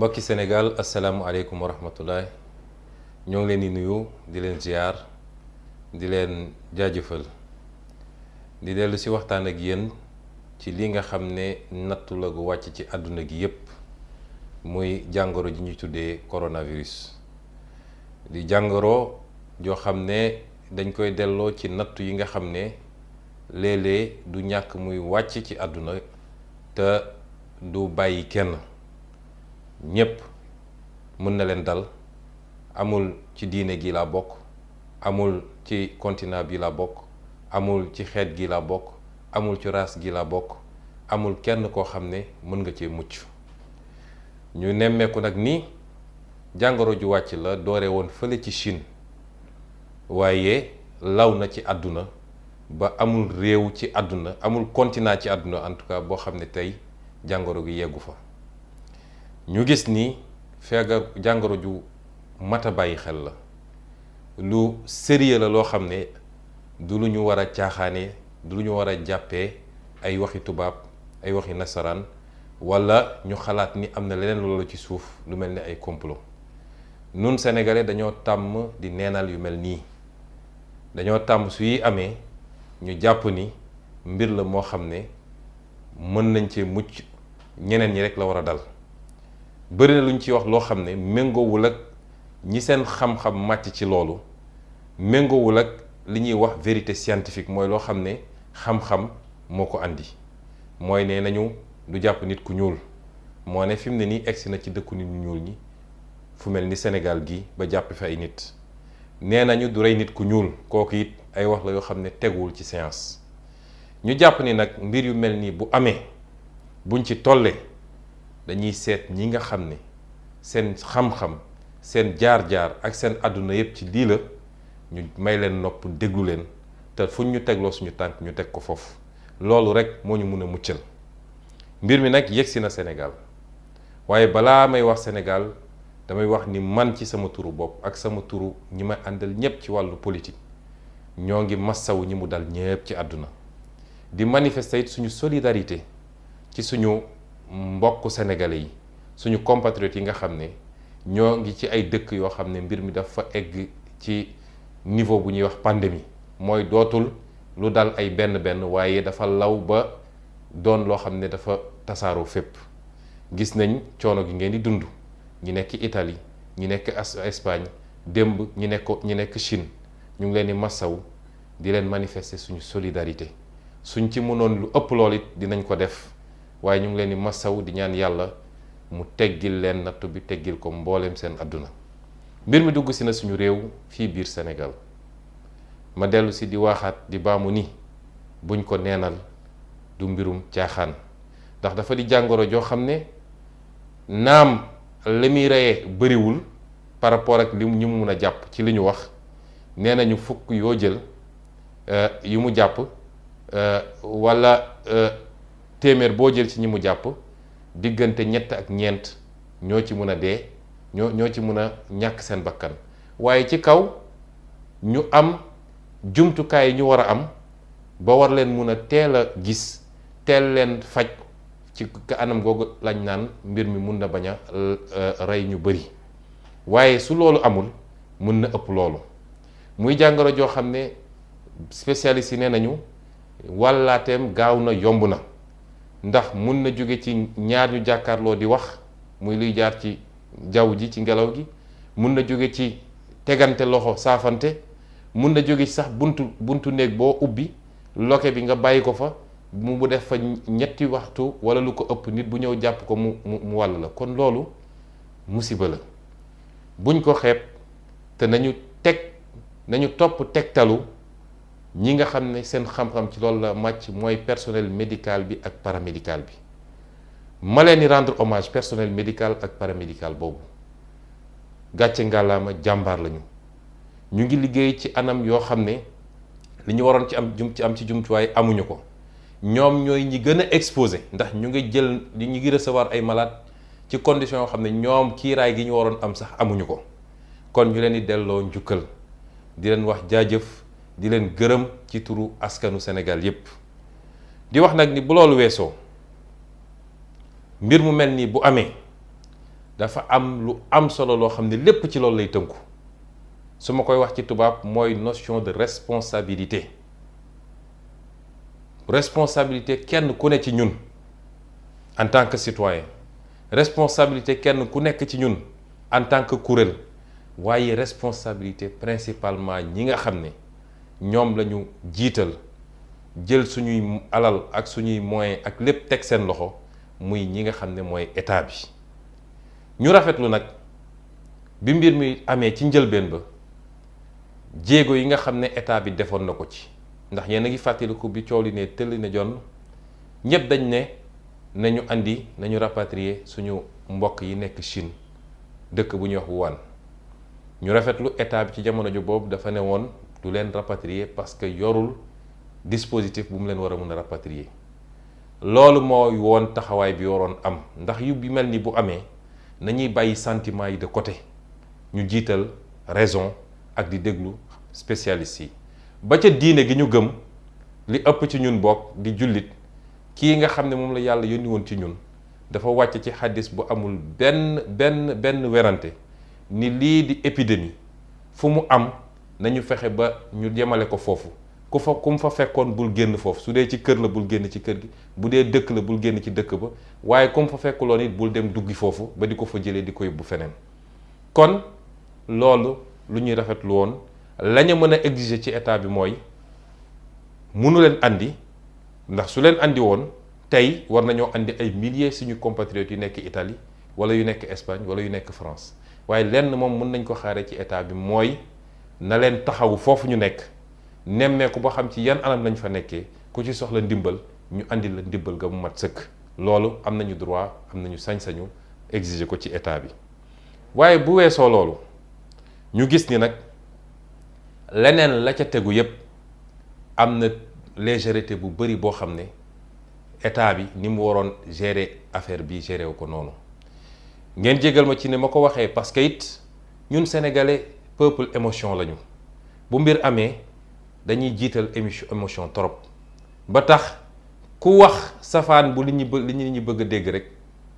mbokki senegal asalaamualeykum wa rahmatulah ñoo ngi leen di nuyu di leen ziar di leen jaajëfal di dellu si waxtaan ak yéen ci li nga xam ne nattu la gu wàcc ci àdduna gi yépp muy jàngoro ji ñu tuddee coronavirus di jàngoro joo xam ne dañ koy delloo ci nattu yi nga xam ne léeg du ñàkk muy wàcc ci àdduna te du bàyyi kenn. ñépp mën na leen dal amul ci diine gi laa bokk amul ci continent bi laa bokk amul ci xeet gi laa bokk amul ci ras gi laa bokk amul kenn koo xam ne mën nga cee mucc ñu nemmeeku nag ni jàngoro ju wàcc la doore woon fële ci Chine waaye law na ci àdduna ba amul réew ci àdduna amul continent ci àdduna en tout cas boo xam ne tey jàngoro gi yeggu fa ñu gis ni feegar jàngoro ju mat a bàyyi xel la lu sérieux la loo xam ne du lu ñu war a caaxaane du lu ñu war a jàppee ay waxi tubaab ay waxi nasaraan walla ñu xalaat ni am na leneen loolu ci suuf lu mel ni ay complot nun sénégalais dañoo tàmm di neenal yu mel nii dañoo tàmm suy amee ñu jàpp ni mbir la moo xam ne mën nañ cee mucc ñeneen ñi rek la war a dal bëri na lu ñu ciy wax loo xam ne méngoowul ak ñi seen xam-xam màcc ci loolu méngoowul ak li ñuy wax vérité scientifique mooy loo xam ne xam-xam moo ko indi mooy nee nañu du jàpp nit ku ñuul moo ne fi mu ne nii egsi na ci dëkku nit ñu ñuul ñi fu mel ni Sénégal gi ba jàpp fi ay nit nee nañu du rey nit ku ñuul kooku it ay wax la yoo xam ne teguwul ci science ñu jàpp ni nag mbir yu mel nii bu amee buñ ci tollee dañuy seet ñi nga xam ne seen xam-xam seen jaar-jaar ak seen àdduna yépp ci lii la ñu may leen nopp déglu leen te fuñ ñu tegloo suñu tànk ñu teg ko foofu loolu rek moo ñu mun a muccal mbir mi nag yegsi na senegal waaye balaa may wax Sénégal damay wax ni man ci sama turu bopp ak sama turu ñi ma àndal ñépp ci wàllu politique ñoo ngi massawu ñi mu dal ñépp ci àdduna di manifester it suñu solidarité ci suñu mbokk sénégalais yi suñu compatriotes yi nga xam ne ñoo ngi ci ay dëkk yoo xam ne mbir mi dafa egg ci niveau bu ñuy wax pandémie mooy dootul lu dal ay benn benn waaye dafa law ba doon loo xam ne dafa tasaaroo fépp gis nañ coono gi ngeen di dund ñi nekk itali ñi nekk as Espagne démb ñi nekk ñi nekk Chine ñu ngi leen di massaw di leen manifester suñu solidarité suñ ci mënoon lu ëpp lool it dinañ ko def waaye ñu ngi leen di masaw di ñaan yàlla mu teggil leen nattu bi teggil ko mbooleem seen àdduna mbir mi dugg si na suñu réew fii biir senegal ma dellu si di waxaat di baamu ni buñ ko neenal du mbirum caaxaan ndax dafa di jàngoro joo xam ne naam li muy reye bëriwul par rapport ak li ñu mën a jàpp ci li ñu wax nee nañu fukk yoo jël euh, yu mu jàpp euh, wala euh, téeméer boo jël ci ñi mu jàpp diggante ñett ak ñeent ñoo ci mun a dee ñoo ci mun a ñàkk seen bakkan waaye ci kaw ñu am jumtukaay yi ñu war a am ba war leen mun a teel a gis teel leen faj ci anam googu lañ naan mbir mi mun na baña a e, rey ñu bari waaye su loolu amul mun na ëpp loolu muy jàngoro joo xam ne spécialiste yi ne nañu wàllaateem gaaw na yomb na ndax mun na jóge ci ñaar ñu jàkkaarloo di wax muy luy jaar ci jaww ji ci ngelaw gi mun na jóge ci tegante loxo saafante mun na jóge ci sax buntu buntu néeg boo ubbi loke bi nga bàyyi ko fa mu bu def fa ñetti waxtu wala lu ko ëpp nit bu ñëw jàpp ko mu mu wàll la kon loolu musiba la buñ ko xeeb te nañu teg nañu topp tegtalu ñi nga xam ne seen xam-xam ci loolu la màcc mooy personnel médical bi ak paramédical bi ma leen di rendre hommage personnel médical ak paramédical boobu gàcce ngàllaama jàmbaar lañu ñu ngi liggéey ci anam yoo xam ne li ñu waroon ci am jum ci am ci jumtuwaay amuñu ko ñoom ñooy ñi gën a exposé ndax ñu ngi jël ñu ngi recevoir ay malaat ci condition yoo xam ne ñoom kiiraay gi ñu waroon am sax amuñu ko kon ñu leen di delloo njukkal di leen wax jaajëf. di leen gërëm ci turu askanu Sénégal yépp di wax nag ni bu loolu weesoo mbir mu mel nii bu amee dafa am lu am solo loo xam ne lépp ci loolu lay tënku su ma koy wax ci tubaab mooy notion de responsabilité responsabilité kenn ku ne ci ñun en tant que citoyen responsabilité kenn ku nekk ci ñun en tant que kuréel waaye responsabilité principalement ñi nga xam ne ñoom la ñu jiital jël suñuy alal ak suñuy moyen ak lépp teg seen loxo muy ñi nga xam ne mooy état bi ñu rafetlu nag bi mbir mi amee ci njëlbeen ba jéego yi nga xam ne état bi defoon na ko ci ndax yéen a ngi fàttaliku bi coow li ne tëll ne jonn ñëpp dañ ne nañu indi nañu rapatrier suñu mbokk yi nekk Chine dëkk bu ñuy wax Wuhan ñu rafetlu état bi ci jamono ju boobu dafa ne woon du leen rapatrier parce que yorul dispositif bu mu leen war a mën a rapatrier loolu mooy woon taxawaay bi waroon am ndax yu bi mel nii bu amee na ñuy bàyyi sentiment yi de côté ñu jiital raison ak di déglu spécialistes yi ba ca diine gi ñu gëm li ëpp ci ñun bokk di jullit kii nga xam ne moom la yàlla yónni woon ci ñun dafa wàcc ci xaddis bu amul benn benn benn werante ni lii di épidémie fu mu am nañu fexe ba ñu jëmale ko foofu ku fa ku mu fa fekkoon bul génn foofu su dee ci kër la bul génn ci kër gi bu dee dëkk la bul génn ci dëkk ba waaye ku mu fa fekkuloon it bul dem duggi foofu ba di ko fa jëlee di ko yóbbu feneen kon loolu lu ñuy rafetlu woon la mën a exiger ci état bi mooy munu leen andi ndax su leen andi woon tey war nañoo andi ay milliers suñu compatriotes yu nekk itali wala yu nekk Espagne wala yu nekk France waaye lenn moom mën nañ ko xaaree ci état bi mooy. na leen taxawu foofu ñu nekk nemmeeku ba xam ci yan anam lañ fa nekkee ku ci soxla ndimbal ñu indi la ndimbal nga mu mat sëkk loolu am nañu droit am nañu sañ-sañu exiger ko ci état bi waaye bu weesoo loolu ñu gis ni nag leneen la ca tegu yépp am na légèreté bu bëri boo xam ne état bi ni mu waroon gere affaire bi gérer wu ko noonu ngeen jégal ma ci ne ma ko waxee parce que it ñun sénégalais. peuple émotion lañu bu mbir amee dañuy jiital émission émotion trop ba tax ku wax safaan bu li ñu li ñu bëgg a dégg rek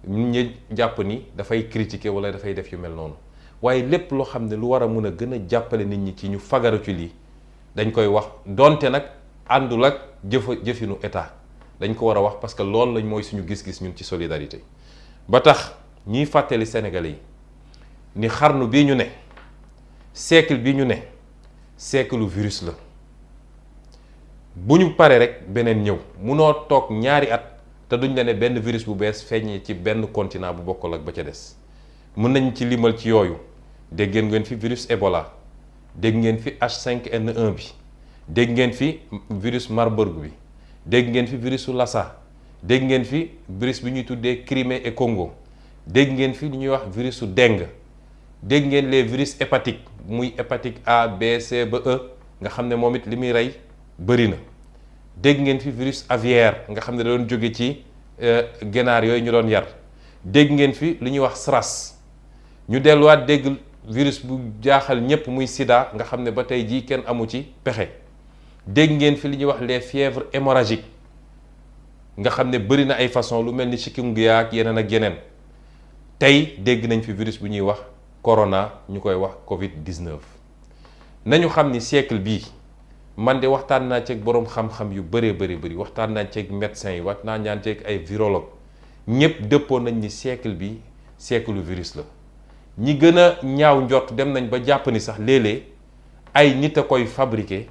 ñun ñu jàpp ni dafay critiquer wala dafay def yu mel noonu waaye lépp loo xam ne lu war a mun a gën a jàppale nit ñi ci ñu fagaru ci lii dañ koy wax donte nag àndul ak jëfa jëfinu état dañ ko war a wax parce que loolu lañ mooy suñu gis-gis ñun ci solidarité ba tax ñiy fàttali Sénégalais yi ni xarnu bii ñu ne. siècle bi ñu ne siècle virus la bu ñu paree rek beneen ñëw munoo toog ñaari at te duñ la ne benn virus bu bees feeñ ci benn continent bu bokkal ak ba ca des mën nañ ci limal ci yooyu dégg ngeen fi virus Ebola dégg ngeen fi H5N1 bi dégg ngeen fi virus Marburg bi dégg ngeen fi virusu Lassa dégg ngeen fi virus bi ñuy tuddee Crimée et Congo dégg ngeen fi lu ñuy wax virusu dengue dégg ngeen les virus hépatiques muy hépatique A ba E nga xam ne moom it li muy rey bëri na dégg ngeen fi virus aviaire nga xam ne da doon jóge ci euh, ganaar yooyu ñu doon yar dégg ngeen fi lu ñuy wax SRAS ñu delluwaat dégg virus bu jaaxal ñépp muy sida nga xam ne ba tey jii kenn amu ci pexe dégg ngeen fi li ñuy wax les fièvres hémorragiques nga xam ne bëri na ay façon lu mel ni chikungunya ak yeneen ak yeneen tey dégg nañ fi virus bu ñuy wax corona ñu koy wax Covid 19. nañu xam ni siècle bii man de waxtaan naa ceeg boroom xam-xam yu bëree bëri bëri waxtaan naa ceeg médecin yi wax naa ñaan ceeg ay virologue ñëpp dëppoo nañ ni siècle bi siècle virus la. ñi gën a ñaaw njot dem nañ ba jàpp ni sax léeg-léeg ay nit a koy fabriqué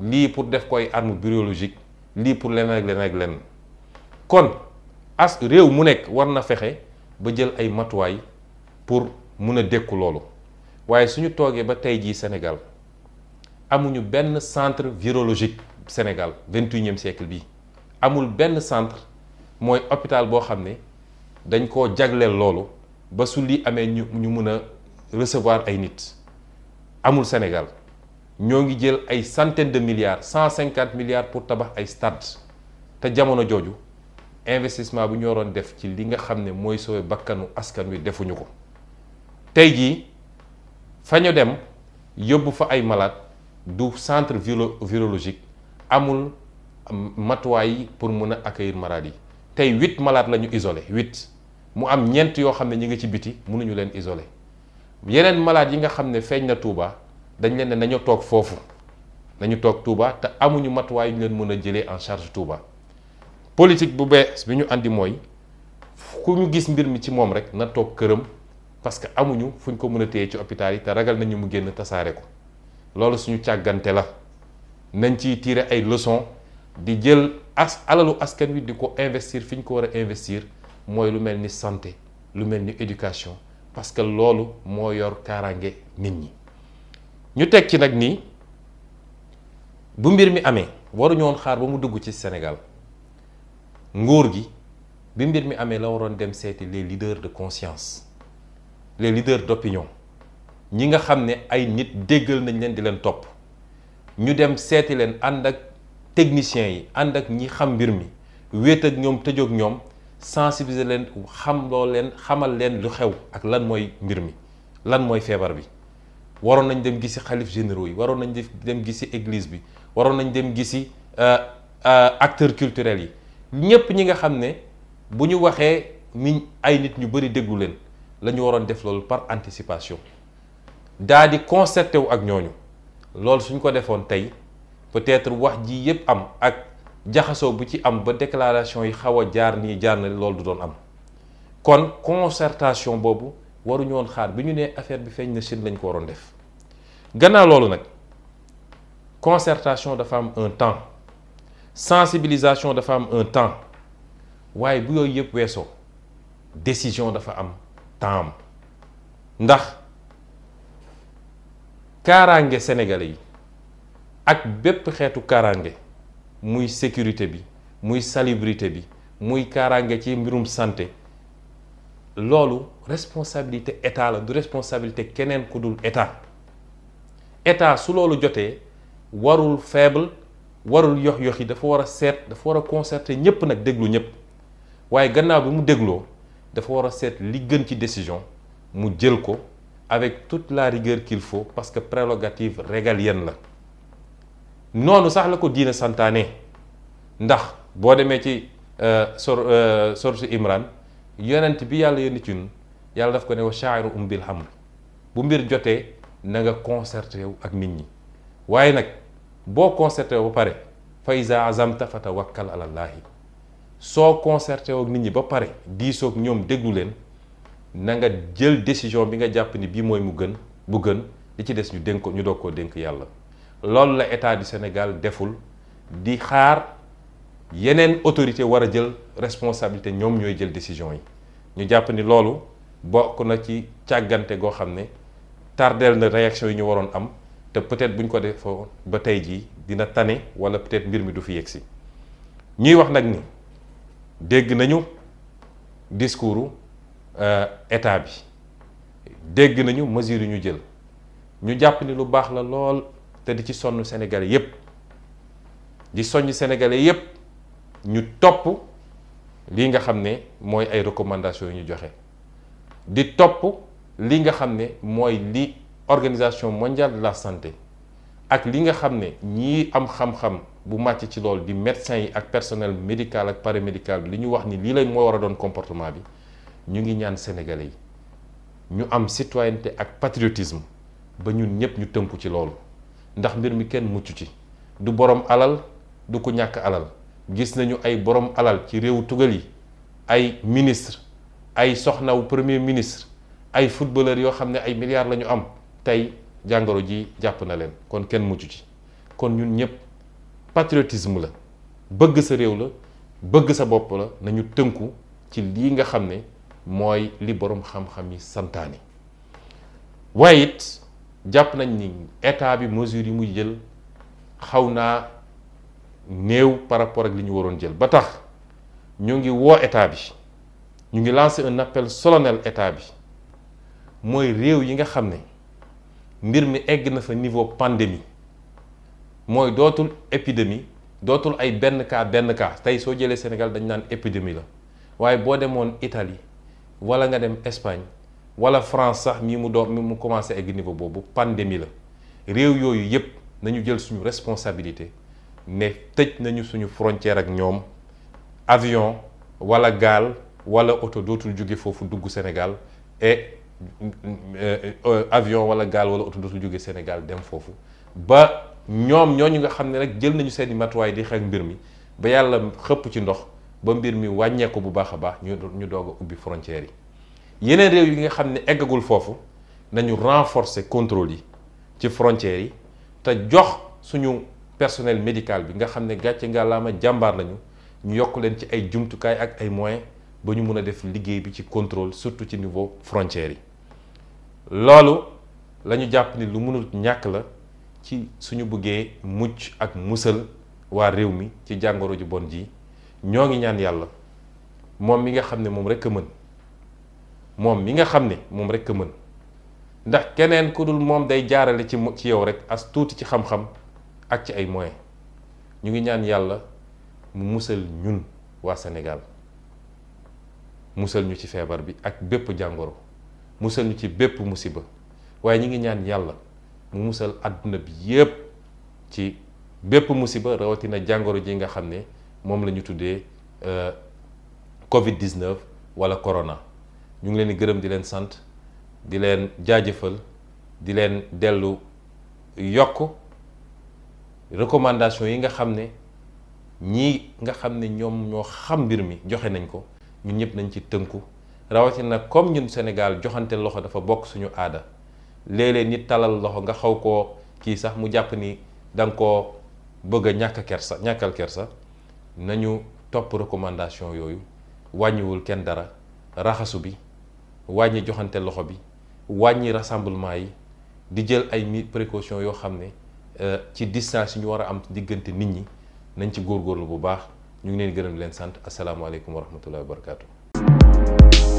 lii pour def koy arme biologique lii pour leneen ak leneen ak leneen kon as réew mu nekk war na fexe ba jël ay matuwaay pour. mun a dékku loolu waaye suñu toogee ba tey jii Sénégal amuñu benn centre virologique Sénégal vingt-et-unième siècle bi amul benn centre mooy hôpital boo xam ne dañ ko jagleel loolu ba su lii amee ñu ñu mun a recevoir ay nit amul Sénégal ñoo ngi jël ay centaines de milliards cent cinquante milliards pour tabax ay stade te jamono jooju investissement bu ñu waroon def ci li nga xam ne mooy sooy bakkanu askan wi defuñu ko tey jii fa ñu dem yóbbu fa ay malaat du centre virologique amul matuwaay pour mun a accueillir malade yi tey huit malade lañu isole isolé mu am ñeent yoo xam ne ñu ngi ci biti mënuñu leen isolé yeneen malade yi nga xam ne feeñ na Touba dañ leen ne nañu toog foofu nañu toog Touba te amuñu matuwaay yu ñu leen mën a jëlee en charge Touba politique bu bees bi ñu andi mooy ku ñu gis mbir mi ci moom rek na toog këram parce que amuñu fu ñu ko mën a téye ci hôpital yi te ragal nañu mu génn tasaare ko loolu suñu càggante la nañ ciy tiire ay leçons di jël as alalu askan wi di ko investir fi ñu ko war a investir mooy lu mel ni santé lu mel ni éducation parce que loolu moo yor kaaraange nit ñi ñu teg ci nag nii bu mbir mi amee waruñu woon xaar ba mu dugg ci Sénégal nguur gi bi mbir mi amee la waroon dem seeti les leaders de conscience les leaders d'opinion ñi nga xam ne ay nit déggal nañ leen di leen topp ñu dem seeti leen ànd ak techniciens yi ànd ak ñi xam mbir mi wéet ak ñoom tëjoog ñoom sensibiliser leen xam loo leen xamal leen lu xew ak lan mooy mbir mi lan mooy feebar bi waroon nañ dem gisi xalif généraux yi waroon nañ dem gisi église bi waroon nañ dem gisi euh, euh, acteurs culturels yi ñépp ñi nga xam ne bu ñu waxee ni ay nit ñu bari déglu leen lañu waroon def loolu par anticipation daa di concerté wu ak ñooñu loolu suñ ko defoon tey peut-être wax jii yépp am ak jaxasoo bu ci am ba déclaration yi xaw a jaar nii jaar na loolu du doon am kon concertation boobu waruñu woon xaar bi ñu nee affaire bi feeñ na Chine lañ ko waroon def gannaaw loolu nag concertation dafa am un temps sensibilisation dafa am un temps waaye bu yooyu yépp weesoo décision dafa am temps ndax kaaraange sénégalais yi ak bépp xeetu kaaraange muy sécurité bi muy salibirité bi muy kaaraange ci mbirum santé loolu responsabilité état la du responsabilité keneen ku dul état état su loolu jotee warul faible warul yox yox yi dafa war a seet dafa war a concerter ñépp nag déglu ñépp waaye gannaaw bi mu dégloo dafa war a seet li gën ci décision mu jël ko avec tout la rigueur qu'il parce que prérogative régalienne la noonu sax la ko diina santaane ndax boo demee ci euh, sor euh, sorsu Imran yonent bi yàlla yónni ci ñun yàlla daf ko ne wa shaa'iru am um bil bu mbir jotee na nga concerté wu ak nit ñi waaye nag boo concerté wu ba pare fa azamta fa tawakkal alallaahi soo concerté woog nit ñi ba pare diisoog ñoom déglu leen na nga jël décision bi nga jàpp ni bii mooy mu gën bu gën li ci des ñu dénk ñu doog koo dénk yàlla loolu la état du Sénégal deful di xaar yeneen autorité war a jël responsabilité ñoom ñooy jël décision yi ñu jàpp ni loolu bokk na ci càggante goo xam ne tardel na réaction yi ñu waroon am te peut-être buñ ko defoon ba tey jii dina tane wala peut mbir mi du fi si ñuy wax nag ni dégg nañu discours euh, état bi dégg nañu mesures yu ñu jël ñu jàpp ni lu baax la lool te di ci sonn Sénégalais yépp di soññ Sénégalais yépp ñu topp lii nga xam ne mooy ay recommandation yu ñu joxe di topp li nga xam ne mooy li organisation mondiale de la santé ak li nga xam ne ñii am xam-xam. bu màcc ci loolu di médecin yi ak personnel médical ak médical bi li ñu wax ni lii lay moo war a doon comportement bi ñu ngi ñaan sénégalais yi ñu am citoyenneté ak patriotisme ba ñun ñëpp ñu tënku ci loolu ndax mbir mi kenn muccu ci du borom alal du ko ñàkk alal gis nañu ay borom alal ci réewu tugal yi ay ministre ay soxnaw premier ministre ay footballeur yoo xam ne ay milliards la ñu am tey jàngoro ji jàpp na leen kon kenn muccu ci kon ñun patriotisme la bëgg sa réew la bëgg sa bopp la nañu tënku ci lii nga xam ne mooy li boroom xam-xam yi santaane waaye it jàpp nañ ni état bi mesure yi mu jël xaw naa néew par rapport ak li ñu waroon jël ba tax ñu ngi woo état bi ñu ngi lancé un appel solennel état bi mooy réew yi nga xam ne mbir mi egg na fa niveau pandémie mooy dootul épidemi dootul ay benn cas benn kaa tey soo jëlee Sénégal dañu naan épidémie la waaye boo demoon itali wala nga dem Espagne wala France sax mi mu door mi mu commencé egg niveau boobu pandémie la réew yooyu yëpp nañu jël suñu responsabilité ne tëj nañu suñu frontière ak ñoom avion wala gaal wala oto dootul jóge foofu dugg Sénégal et euh, euh, avion wala gaal wala auto dootul jóge Sénégal dem foofu ñoom ñooñu nga xam ne rek jël nañu seeni matuwaay di xeex mbir mi ba yàlla xëpp ci ndox ba mbir mi wàññeeku bu baax a baax ñu ñu doog ubbi frontières yi yeneen réew yi nga xam ne eggagul foofu nañu renforcer contrôle yi ci frontières yi te jox suñu personnel médical bi nga xam ne gàcce ngàllaama jàmbaar lañu ñu yokk leen ci ay jumtukaay ak ay moyen ba ñu mun a def liggéey bi ci contrôle surtout ci niveau frontières yi loolu la ñu jàpp ni lu mënul ñàkk la ci suñu buggee mucc ak musal waa réew mi ci jàngoro ju bon ji ñoo ngi ñaan yàlla moom mi nga xam ne moom rek a mën moom mi nga xam ne moom rek a mën ndax keneen ku dul moom day jaarale ci ci yow rek as tuuti ci xam-xam ak ci ay moyens ñu ngi ñaan yàlla mu musal ñun waa senegal musal ñu ci feebar bi ak bépp jàngoro musal ñu ci bépp musiba waaye ñu ngi ñaan yàlla mu musal àdduna bi yépp ci bépp musiba rawatina jàngoro ji nga xam ne moom la ñu tuddee euh, Covid 19 wala corona ñu ngi leen di gërëm di leen sant di leen jaajëfal di leen dellu yokk recommandation yi nga xam ne ñii nga xam ne ñoom ñoo xam mbir mi joxe nañ ko ñun ñëpp nañ ci tënku rawatina comme ñun Sénégal joxante loxo dafa bokk suñu aada. léeg-léeg nit talal loxo nga xaw koo kii sax mu jàpp ni danga ko koo bëgg a ñàkk kersa nañu topp recommandation yooyu wàññiwul kenn dara raxasu bi wàññi joxante loxo bi wàññi rassemblement yi di jël ay mi précaution yoo xam ne euh, ci distance yi ñu war a am diggante nit ñi nañ ci góor góorlu bu baax ñu ngi leen gërëm leen sant asalaamaaleykum wa rahmatullahi wa barakaatu.